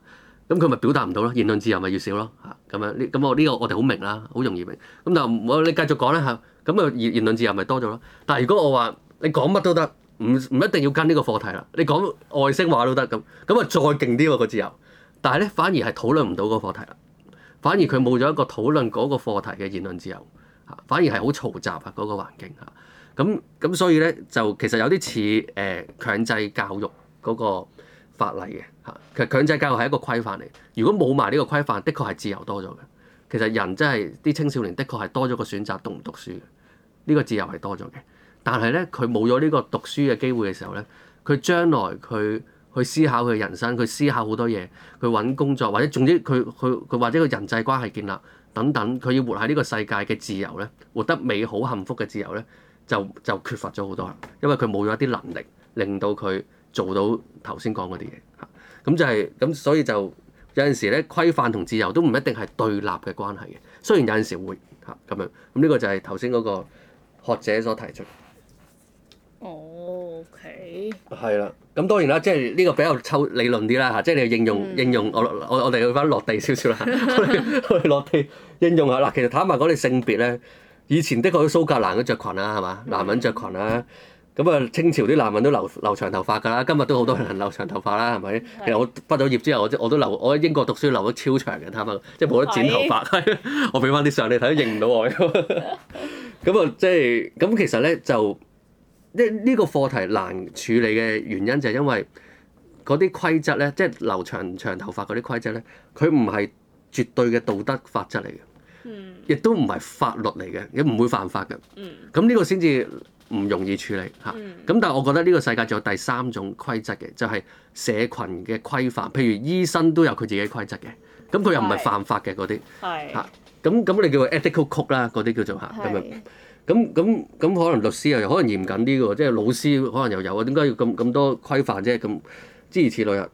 咁佢咪表達唔到咯，言論自由咪越少咯嚇咁樣。咁我呢個我哋好明啦，好容易明。咁但係我你繼續講啦嚇，咁啊言言論自由咪多咗咯。但係如果我話你講乜都得，唔唔一定要跟呢個課題啦，你講外星話都得咁，咁啊再勁啲個自由。但係咧反而係討論唔到嗰個課題啦，反而佢冇咗一個討論嗰個課題嘅言論自由。反而係好嘈雜啊！嗰個環境嚇，咁咁所以咧就其實有啲似誒強制教育嗰個法例嘅嚇。其實強制教育係一個規範嚟，如果冇埋呢個規範，的確係自由多咗嘅。其實人真係啲青少年的確係多咗個選擇，讀唔讀書嘅呢個自由係多咗嘅。但係咧佢冇咗呢個讀書嘅機會嘅時候咧，佢將來佢去思考佢人生，佢思考好多嘢，佢揾工作或者總之佢佢佢或者個人際關係建立等等，佢要活喺呢個世界嘅自由咧，活得美好幸福嘅自由咧，就就缺乏咗好多啦。因為佢冇咗一啲能力，令到佢做到頭先講嗰啲嘢。咁、啊嗯、就係、是、咁、嗯，所以就有陣時咧，規範同自由都唔一定係對立嘅關係嘅。雖然有陣時會嚇咁、啊、樣，咁、嗯、呢、這個就係頭先嗰個學者所提出。O K，係啦，咁、okay. 嗯嗯、當然啦，即係呢個比較抽理論啲啦嚇，即、就、係、是、你應用、嗯、應用我我哋去翻落地少少啦，去落地應用下嗱。其實坦白講，你性別咧，以前的確蘇格蘭都着裙啦，係嘛，男人着裙啦。咁、嗯、啊、嗯嗯、清朝啲男人都留留長頭髮㗎啦，今日都好多人留長頭髮啦，係咪？其實我畢咗業之後，我我都留我喺英國讀書留咗超長嘅，坦白即係冇得剪頭髮，我俾翻啲相你睇，都認唔到我咁啊，即係咁其實咧就，即呢個課題難處理嘅原因就係因為嗰啲規則咧，即係留長長頭髮嗰啲規則咧，佢唔係絕對嘅道德法則嚟嘅，亦都唔係法律嚟嘅，佢唔會犯法嘅。咁呢個先至唔容易處理嚇。咁但係我覺得呢個世界仲有第三種規則嘅，就係社群嘅規範。譬如醫生都有佢自己嘅規則嘅，咁佢又唔係犯法嘅嗰啲嚇。咁咁你叫做 ethical code 啦，嗰啲叫做嚇咁樣。咁咁咁可能律師又可能嚴謹啲喎，即係老師可能又有啊？點解要咁咁多規範啫？咁諸如此類啊，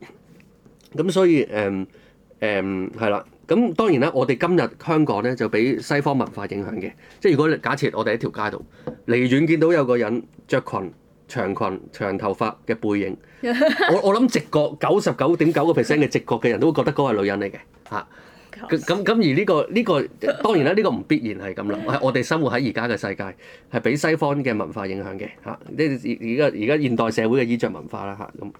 咁所以誒誒，係、嗯、啦。咁、嗯嗯嗯、當然啦，我哋今日香港咧就俾西方文化影響嘅，即係如果假設我哋喺條街度，離遠見到有個人着裙、長裙、長頭髮嘅背影，我我諗直覺九十九點九個 percent 嘅直覺嘅人都會覺得嗰個係女人嚟嘅嚇。啊咁咁而呢個呢個當然啦，呢個唔必然係咁諗。 我哋生活喺而家嘅世界係俾西方嘅文化影響嘅嚇，即係而家而家現代社會嘅衣著文化啦嚇咁。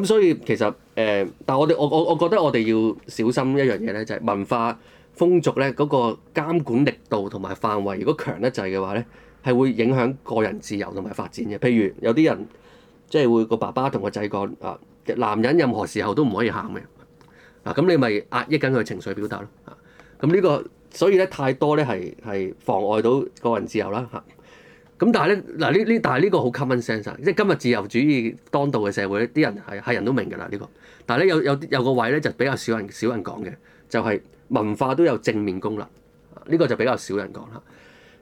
咁所以其實誒、呃，但係我哋我我我覺得我哋要小心一樣嘢咧，就係文化風俗咧嗰個監管力度同埋範圍，如果強得滯嘅話咧，係會影響個人自由同埋發展嘅。譬如有啲人即係會個爸爸同個仔講啊，男人任何時候都唔可以喊嘅。嗱，咁你咪壓抑緊佢情緒表達咯，啊、這個，咁呢個所以咧太多咧係係妨礙到個人自由啦，嚇，咁但係咧嗱呢呢，但係呢個好 common sense，即係今日自由主義當道嘅社會咧，啲人係係人都明㗎啦呢個，但係咧有有有個位咧就比較少人少人講嘅，就係、是、文化都有正面功能，呢、這個就比較少人講啦。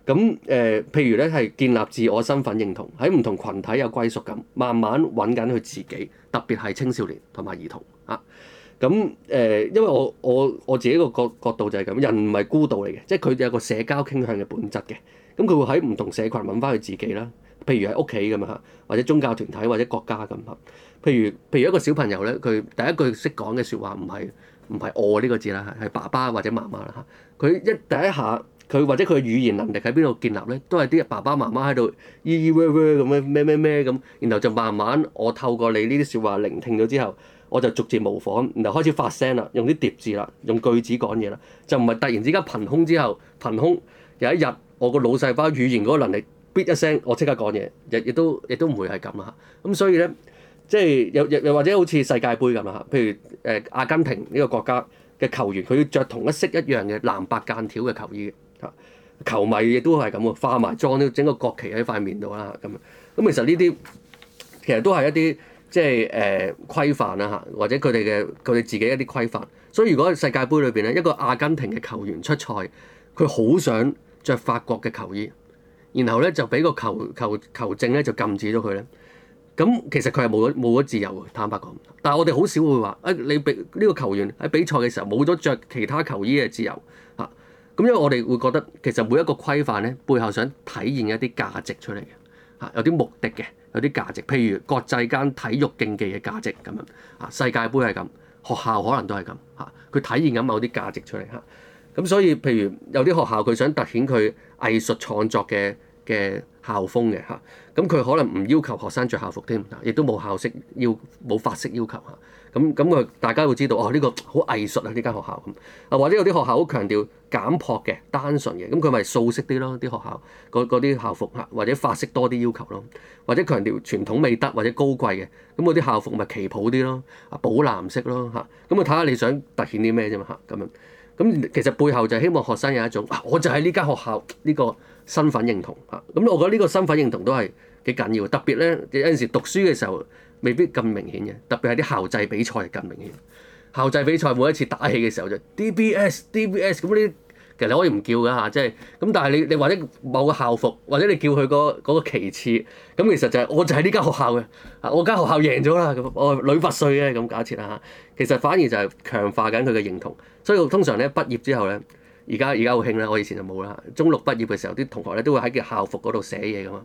咁誒、呃，譬如咧係建立自我身份認同，喺唔同群體有歸屬感，慢慢揾緊佢自己，特別係青少年同埋兒童。咁誒、呃，因為我我我自己個角角度就係咁，人唔係孤獨嚟嘅，即係佢有個社交傾向嘅本質嘅。咁佢會喺唔同社群揾翻佢自己啦。譬如喺屋企咁啊，或者宗教團體或者國家咁啊。譬如譬如一個小朋友咧，佢第一句識講嘅説話唔係唔係我呢個字啦，係爸爸或者媽媽啦。佢一第一下佢或者佢嘅語言能力喺邊度建立咧，都係啲爸爸媽媽喺度咿咿喂喂咁樣咩咩咩咁，然後就慢慢我透過你呢啲説話聆聽咗之後。我就逐漸模仿，然後開始發聲啦，用啲疊字啦，用句子講嘢啦，就唔係突然之間憑空之後，憑空有一日我個腦細胞語言嗰個能力 b 一聲，我即刻講嘢，亦亦都亦都唔會係咁啦。咁所以咧，即係又又又或者好似世界盃咁啦，譬如誒阿根廷呢個國家嘅球員，佢要着同一式一樣嘅藍白間條嘅球衣，球迷亦都係咁嘅，化埋妝要整個國旗喺塊面度啦，咁咁其實呢啲其實都係一啲。即係誒、呃、規範啦，嚇，或者佢哋嘅佢哋自己一啲規範，所以如果世界杯裏邊咧，一個阿根廷嘅球員出賽，佢好想着法國嘅球衣，然後咧就俾個球球球證咧就禁止咗佢咧，咁、嗯、其實佢係冇咗冇咗自由嘅，坦白講。但係我哋好少會話，誒、哎、你俾呢、這個球員喺比賽嘅時候冇咗着其他球衣嘅自由嚇，咁、啊、因為我哋會覺得其實每一個規範咧背後想體現一啲價值出嚟嘅嚇，有啲目的嘅。有啲價值，譬如國際間體育競技嘅價值咁樣，啊，世界盃係咁，學校可能都係咁嚇，佢體現緊某啲價值出嚟嚇，咁所以，譬如有啲學校佢想突顯佢藝術創作嘅嘅校風嘅嚇，咁佢可能唔要求學生着校服添，亦都冇校式要冇髮式要求嚇。咁咁啊，大家會知道哦，呢、這個好藝術啊！呢間學校咁啊，或者有啲學校好強調簡樸嘅、單純嘅，咁佢咪素色啲咯？啲學校嗰啲校服嚇，或者髮式多啲要求咯，或者強調傳統美德或者高貴嘅，咁嗰啲校服咪旗袍啲咯，啊寶藍色咯嚇，咁啊睇下你想突顯啲咩啫嘛嚇，咁樣咁其實背後就希望學生有一種，啊、我就喺呢間學校呢個身份認同嚇，咁我覺得呢個身份認同都係幾緊要，特別咧有陣時讀書嘅時候。未必咁明顯嘅，特別係啲校際比賽就更明顯。校際比賽每一次打氣嘅時候就 DBS DBS 咁呢，其實你可以唔叫噶，即係咁。但係你你或者某個校服，或者你叫佢、嗰個、嗰個旗幟，咁、啊、其實就係我就係呢間學校嘅、啊，我間學校贏咗啦，我女拔萃嘅咁假設啦嚇、啊。其實反而就係強化緊佢嘅認同，所以通常咧畢業之後咧，而家而家好興啦，我以前就冇啦。中六畢業嘅時候，啲同學咧都會喺個校服嗰度寫嘢噶嘛，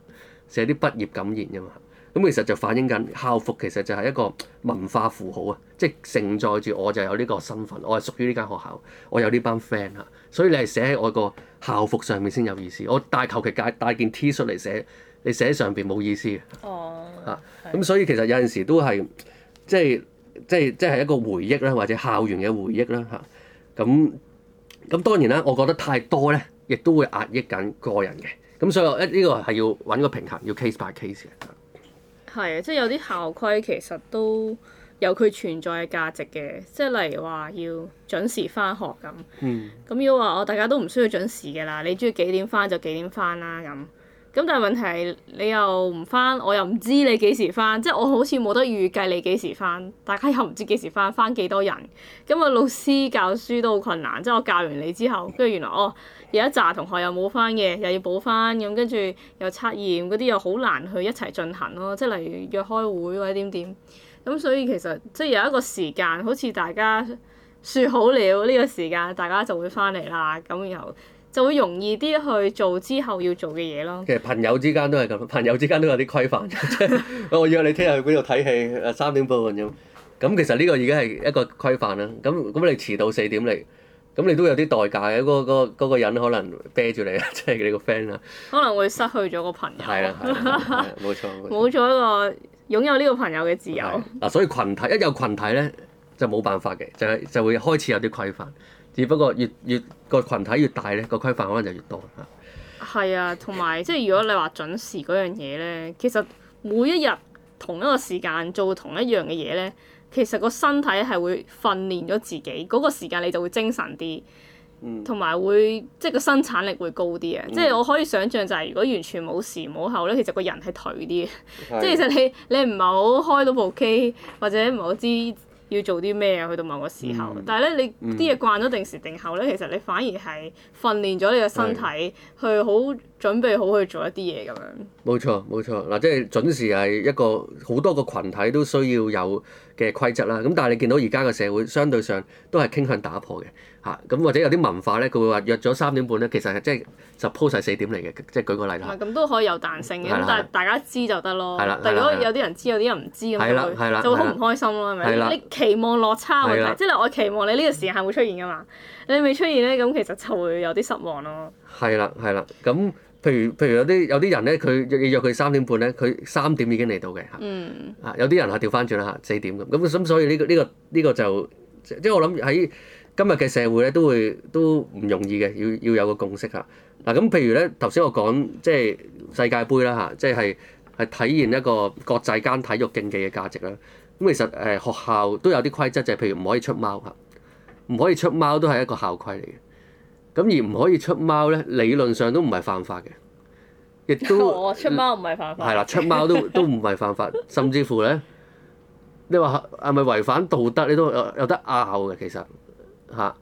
寫啲畢業感言噶嘛。咁其實就反映緊校服，其實就係一個文化符號啊，即係承載住我就有呢個身份，我係屬於呢間學校，我有呢班 friend 啊，所以你係寫喺我個校服上面先有意思。我帶求其帶帶件 T 恤嚟寫，你寫喺上邊冇意思嘅嚇。咁、哦啊嗯、所以其實有陣時都係即係即係即係一個回憶啦，或者校園嘅回憶啦嚇。咁、啊、咁、嗯嗯、當然啦、啊，我覺得太多咧，亦都會壓抑緊個人嘅。咁、啊、所以我一呢個係要揾個平衡，要 case by case 嘅。係啊，即係有啲校規其實都有佢存在嘅價值嘅，即係例如話要準時翻學咁。咁如果話我大家都唔需要準時㗎啦，你鍾意幾點翻就幾點翻啦咁。咁但係問題係你又唔翻，我又唔知你幾時翻，即係我好似冇得預計你幾時翻。大家又唔知幾時翻，翻幾多人，咁啊老師教書都好困難。即係我教完你之後，跟住原來哦。有一紮同學又冇翻嘅，又要補翻，咁跟住又測驗，嗰啲又好難去一齊進行咯。即係例如約開會或者點點，咁所以其實即係有一個時間，好似大家説好了呢個時間，大家就會翻嚟啦。咁然後就會容易啲去做之後要做嘅嘢咯。其實朋友之間都係咁，朋友之間都有啲規範。即 係 我約你聽日去邊度睇戲，三點半咁。咁其實呢個已經係一個規範啦。咁咁你遲到四點嚟？咁你都有啲代價嘅，嗰、那個嗰、那個那個、人可能啤住你啊，即 係你個 friend 啊，可能會失去咗個朋友。係啊，係啊，冇、啊、 錯。冇咗一個擁有呢個朋友嘅自由。嗱、啊，所以群體一有群體咧，就冇辦法嘅，就就會開始有啲規範，只不過越越，越個群體越大咧，個規範可能就越多嚇。係啊，同埋、啊、即係如果你話準時嗰樣嘢咧，其實每一日同一個時間做同一樣嘅嘢咧。其實個身體係會訓練咗自己嗰、嗰個時間，你就會精神啲，同埋、嗯、會即係個生產力會高啲啊！嗯、即係我可以想象就係如果完全冇時冇候咧，其實個人係頹啲嘅。的即係其實你你唔係好開到部機或者唔係好知。要做啲咩啊？去到某個時候，嗯、但係咧，你啲嘢慣咗、嗯、定時定候咧，其實你反而係訓練咗你個身體去好準備好去做一啲嘢咁樣。冇錯，冇錯，嗱，即係準時係一個好多個群體都需要有嘅規則啦。咁但係你見到而家嘅社會相對上都係傾向打破嘅。嚇，咁或者有啲文化咧，佢會話約咗三點半咧，其實係即係就鋪晒四點嚟嘅，即係舉個例啦，咁都可以有彈性嘅，咁但係大家知就得咯。係啦。但如果有啲人知，有啲人唔知咁樣，就會好唔開心咯，係咪？你期望落差問題，即係我期望你呢個時間係會出現噶嘛？你未出現咧，咁其實就會有啲失望咯。係啦係啦，咁譬如譬如有啲有啲人咧，佢你約佢三點半咧，佢三點已經嚟到嘅嚇。嗯。啊，有啲人啊調翻轉啦嚇，四點咁咁所以呢個呢個呢個就即係我諗喺。今日嘅社會咧，都會都唔容易嘅，要要有個共識嚇嗱。咁、啊、譬如咧，頭先我講即係世界盃啦嚇，即係係體現一個國際間體育競技嘅價值啦。咁、啊嗯、其實誒、呃、學校都有啲規則，就係、是、譬如唔可以出貓嚇，唔可以出貓都係一個校規嚟嘅。咁而唔可以出貓咧，理論上都唔係犯法嘅，亦都我出貓唔係犯法。係啦，出貓都 都唔係犯法，甚至乎咧，你話係咪違反道德，你都有有得拗嘅其實。嚇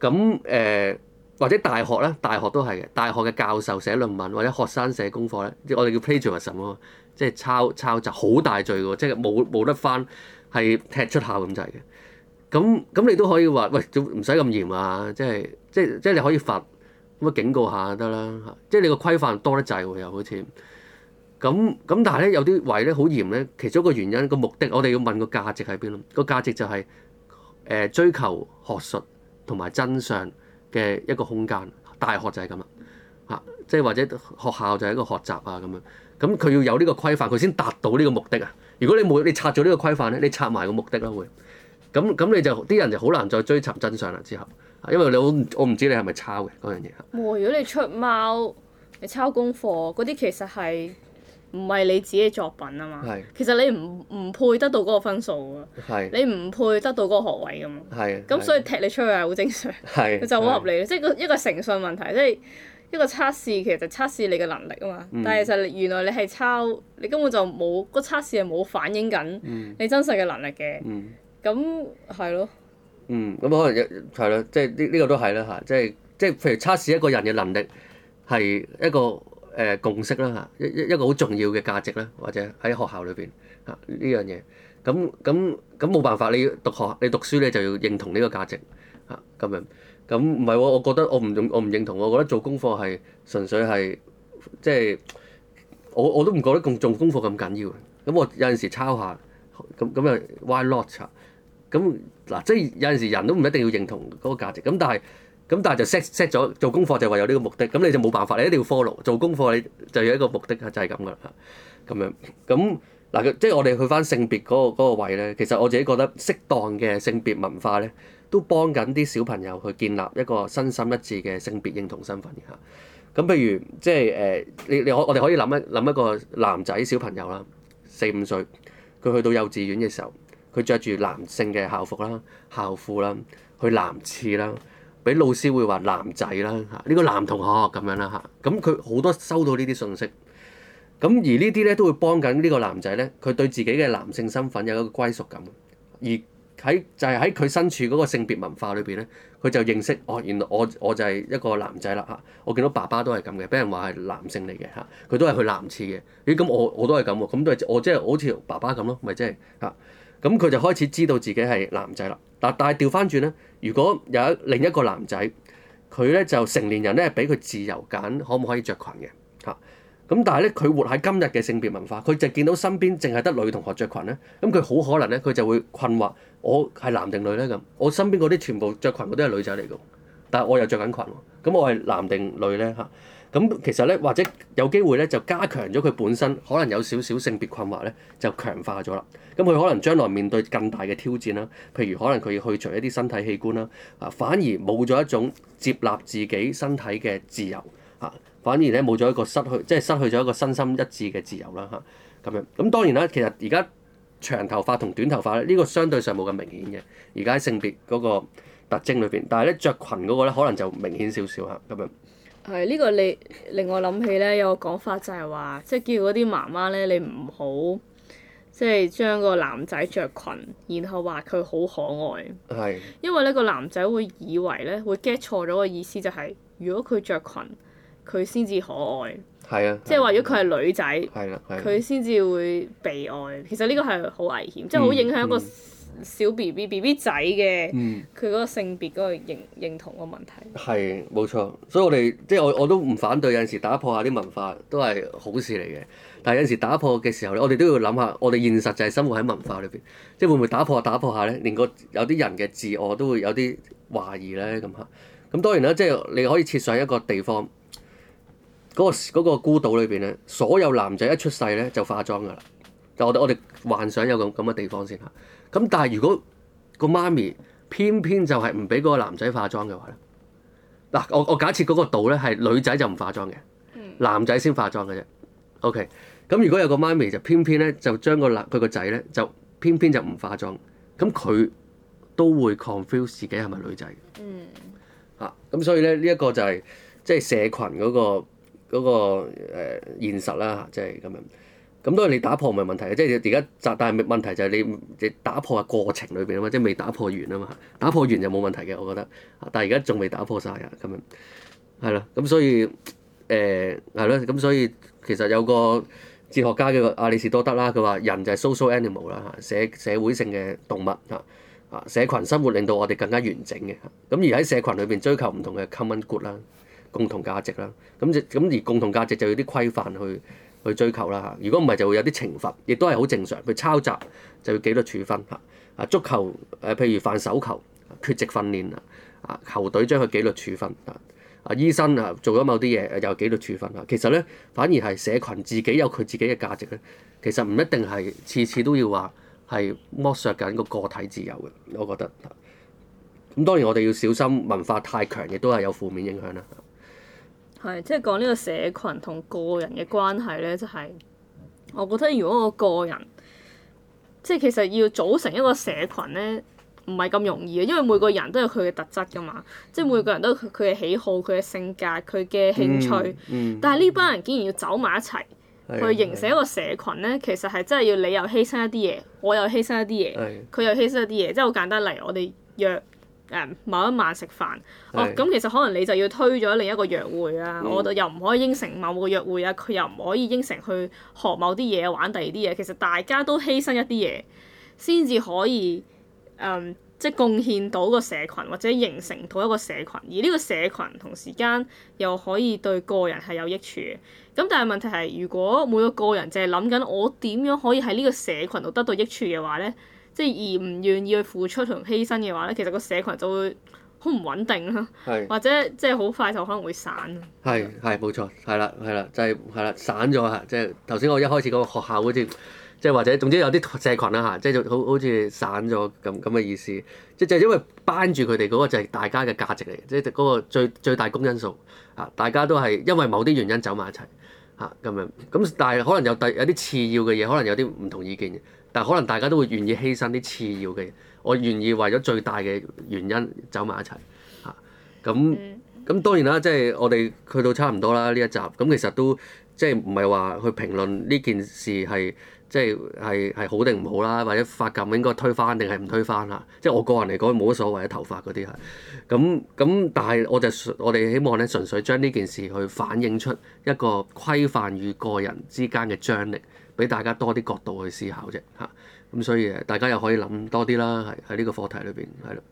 咁誒或者大學咧，大學都係嘅。大學嘅教授寫論文或者學生寫功課咧，即我哋叫 plagiarism，即係抄抄襲，好大罪喎！即係冇冇得翻，係踢出校咁滯嘅。咁咁你都可以話喂，唔使咁嚴啊！即係即係即係你可以罰，咁啊警告下就得啦嚇。即係你個規範多得滯喎，又好似咁咁。但係咧有啲位咧好嚴咧，其中一個原因個目的，我哋要問個價值喺邊咯。個價值就係誒追求學術。同埋真相嘅一個空間，大學就係咁啦，嚇，即係或者學校就係一個學習啊咁樣，咁佢要有呢個規範，佢先達到呢個目的啊。如果你冇你拆咗呢個規範咧，你拆埋個目的囉會，咁咁你就啲人就好難再追尋真相啦之後，因為你好，我唔知你係咪抄嘅嗰樣嘢嚇。如果你出貓，你抄功課嗰啲其實係。唔係你自己嘅作品啊嘛，是的 其實你唔唔配得到嗰個分數㗎，是的 你唔配得到嗰個學位㗎嘛，咁是的 所以踢你出去係好正常，佢就好合理咯，即係是的 一個一個誠信問題，即係一個測試其實就測試你嘅能力啊嘛，嗯、但係其實原來你係抄，你根本就冇、嗰個測試係冇反映緊你真實嘅能力嘅，咁係咯，嗯，咁可能係啦，即係呢呢個都係啦嚇，即係即係譬如測試，試一個人嘅能力係一個。誒共識啦嚇，一一一個好重要嘅價值啦，或者喺學校裏邊嚇呢樣嘢，咁咁咁冇辦法，你要讀學你讀書咧就要認同呢個價值嚇咁樣，咁唔係我覺得我唔用我唔認同，我覺得做功課係純粹係即係我我都唔覺得咁做功課咁緊要嘅，咁我有陣時抄下咁咁又 why not 咁嗱，即係有陣時人都唔一定要認同嗰個價值，咁但係。咁但係就 set set 咗做功課就話有呢個目的，咁你就冇辦法，你一定要 follow 做功課，你就有一個目的就係咁噶啦，咁樣咁嗱，即係我哋去翻性別嗰個嗰個位咧，其實我自己覺得適當嘅性別文化咧，都幫緊啲小朋友去建立一個身心一致嘅性別認同身份嘅。咁譬如即係誒、呃，你你我我哋可以諗一諗一個男仔小朋友啦，四五歲，佢去到幼稚園嘅時候，佢着住男性嘅校服啦、校褲啦、去男廁啦。俾老師會話男仔啦嚇，呢個男同學咁樣啦嚇，咁佢好多收到呢啲信息，咁而呢啲咧都會幫緊呢個男仔咧，佢對自己嘅男性身份有一個歸屬感，而喺就係喺佢身處嗰個性別文化裏邊咧，佢就認識哦，原來我我就係一個男仔啦嚇，我見到爸爸都係咁嘅，俾人話係男性嚟嘅嚇，佢都係去男廁嘅，咦咁我我都係咁喎，咁都係我即係好似爸爸咁咯，咪即係啊。咁佢就開始知道自己係男仔啦。嗱，但係調翻轉咧，如果有一另一個男仔，佢咧就成年人咧，俾佢自由揀，可唔可以着裙嘅？嚇、啊，咁但係咧，佢活喺今日嘅性別文化，佢就見到身邊淨係得女同學着裙咧。咁佢好可能咧，佢就會困惑：我係男定女咧？咁我身邊嗰啲全部着裙，嗰啲係女仔嚟嘅，但係我又着緊裙喎。咁我係男定女咧？嚇、啊？咁其實咧，或者有機會咧，就加強咗佢本身可能有少少性別困惑咧，就強化咗啦。咁佢可能將來面對更大嘅挑戰啦，譬如可能佢要去除一啲身體器官啦，啊，反而冇咗一種接納自己身體嘅自由啊，反而咧冇咗一個失去，即係失去咗一個身心一致嘅自由啦吓，咁樣咁當然啦，其實而家長頭髮同短頭髮咧，呢個相對上冇咁明顯嘅，而家性別嗰個特徵裏邊，但係咧着裙嗰個咧，可能就明顯少少嚇咁樣。係，呢個你令我諗起咧，有個講法就係話，即係叫嗰啲媽媽咧，你唔好即係將個男仔着裙，然後話佢好可愛。係是。因為呢個男仔會以為咧，會 get 錯咗個意思，就係，就係如果佢着裙，佢先至可愛。係啊。即係話，啊、如果佢係女仔，佢先至會被愛。其實呢個係好危險，嗯、即係好影響個。嗯小 B B B B 仔嘅佢嗰個性別嗰個認,認同個問題係冇錯，所以我哋即係我我都唔反對有陣時打破下啲文化都係好事嚟嘅。但係有陣時打破嘅時候咧，我哋都要諗下，我哋現實就係生活喺文化裏邊，即係會唔會打破下打破下咧？連個有啲人嘅自我都會有啲懷疑咧咁嚇。咁當然啦，即係你可以設想一個地方嗰、嗰個嗰個孤島裏邊咧，所有男仔一出世咧就化妝㗎啦。但係我我哋幻想有咁咁嘅地方先嚇。咁但係如果個媽咪偏偏就係唔俾嗰個男仔化妝嘅話咧，嗱、啊、我我假設嗰個度咧係女仔就唔化妝嘅，男仔先化妝嘅啫。OK，咁如果有個媽咪就偏偏咧就將個男佢個仔咧就偏偏就唔、那個、化妝，咁佢都會 confuse 自己係咪女仔？嗯、啊，嚇咁所以咧呢一、這個就係即係社群嗰、那個嗰、那個誒、呃、現實啦，即係咁樣。咁當然你打破唔係問題嘅，即係而家砸，但係問題就係你你打破嘅過程裏邊啊嘛，即係未打破完啊嘛，打破完就冇問題嘅，我覺得。但係而家仲未打破晒嘅，咁樣係咯。咁所以誒係咯，咁、欸、所以其實有個哲學家嘅阿里士多德啦，佢話人就係 social animal 啦，社社會性嘅動物嚇嚇，社群生活令到我哋更加完整嘅。咁而喺社群裏邊追求唔同嘅 common good 啦，共同價值啦，咁就咁而共同價值就有啲規範去。去追求啦嚇，如果唔係就會有啲懲罰，亦都係好正常。佢抄襲就要紀律處分啊。足球譬如犯手球，缺席訓練啊，啊球隊將佢紀律處分啊。啊醫生啊做咗某啲嘢又紀律處分啊。其實咧反而係社群自己有佢自己嘅價值咧。其實唔一定係次次都要話係剝削緊個個體自由嘅，我覺得。咁當然我哋要小心文化太強，亦都係有負面影響啦。係，即係講呢個社群同個人嘅關係咧，就係、是、我覺得如果我個人，即係其實要組成一個社群咧，唔係咁容易啊，因為每個人都有佢嘅特質㗎嘛，即係每個人都有佢嘅喜好、佢嘅性格、佢嘅興趣。嗯嗯、但係呢班人竟然要走埋一齊、嗯、去形成一個社群咧，的其實係真係要你又犧牲一啲嘢，我又犧牲一啲嘢，佢的又犧牲一啲嘢。即係好簡單例如我哋約。誒、嗯、某一晚食飯是哦，咁其實可能你就要推咗另一個約會啊，嗯、我又唔可以應承某個約會啊，佢又唔可以應承去學某啲嘢、啊、玩第二啲嘢，其實大家都犧牲一啲嘢，先至可以誒、嗯、即係貢獻到個社群或者形成到一個社群，而呢個社群同時間又可以對個人係有益處嘅。咁但係問題係，如果每個個人淨係諗緊我點樣可以喺呢個社群度得到益處嘅話咧？即係而唔願意去付出同犧牲嘅話咧，其實個社群就會好唔穩定啦。係是，或者即係好快就可能會散。係，係冇錯，係啦係啦，就係係啦，散咗嚇。即係頭先我一開始嗰個學校好似即係或者總之有啲社群啦嚇，即係就是、好好似散咗咁咁嘅意思。即係就是、因為班住佢哋嗰個就係大家嘅價值嚟，即係嗰個最最大公因數，啊！大家都係因為某啲原因走埋一齊嚇咁樣咁，但係可能有第有啲次要嘅嘢，可能有啲唔同意見嘅。但可能大家都會願意犧牲啲次要嘅，我願意為咗最大嘅原因走埋一齊嚇。咁、啊、咁當然啦，即、就、係、是、我哋去到差唔多啦呢一集。咁其實都即係唔係話去評論呢件事係即係係係好定唔好啦，或者髮禁應該推翻定係唔推翻啦。即、啊、係、就是、我個人嚟講冇乜所謂啊，頭髮嗰啲係。咁咁但係我就我哋希望咧，純粹將呢件事去反映出一個規範與個人之間嘅張力。俾大家多啲角度去思考啫，嚇、啊、咁所以誒，大家又可以諗多啲啦，係喺呢個課題裏邊，係咯。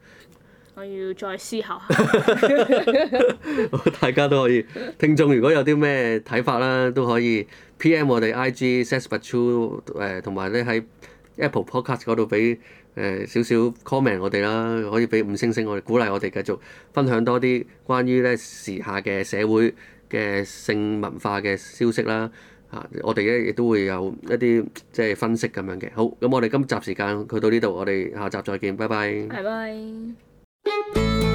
我要再思考下 大家都可以，聽眾如果有啲咩睇法啦，都可以 PM 我哋 IG s e s p e c t u a 同埋你喺 Apple Podcast 嗰度俾誒少少 comment 我哋啦，可以俾五星星我哋鼓勵我哋繼續分享多啲關於咧時下嘅社會嘅性文化嘅消息啦。我哋咧亦都會有一啲即係分析咁樣嘅。好，咁我哋今集時間去到呢度，我哋下集再見，拜拜。係，拜拜。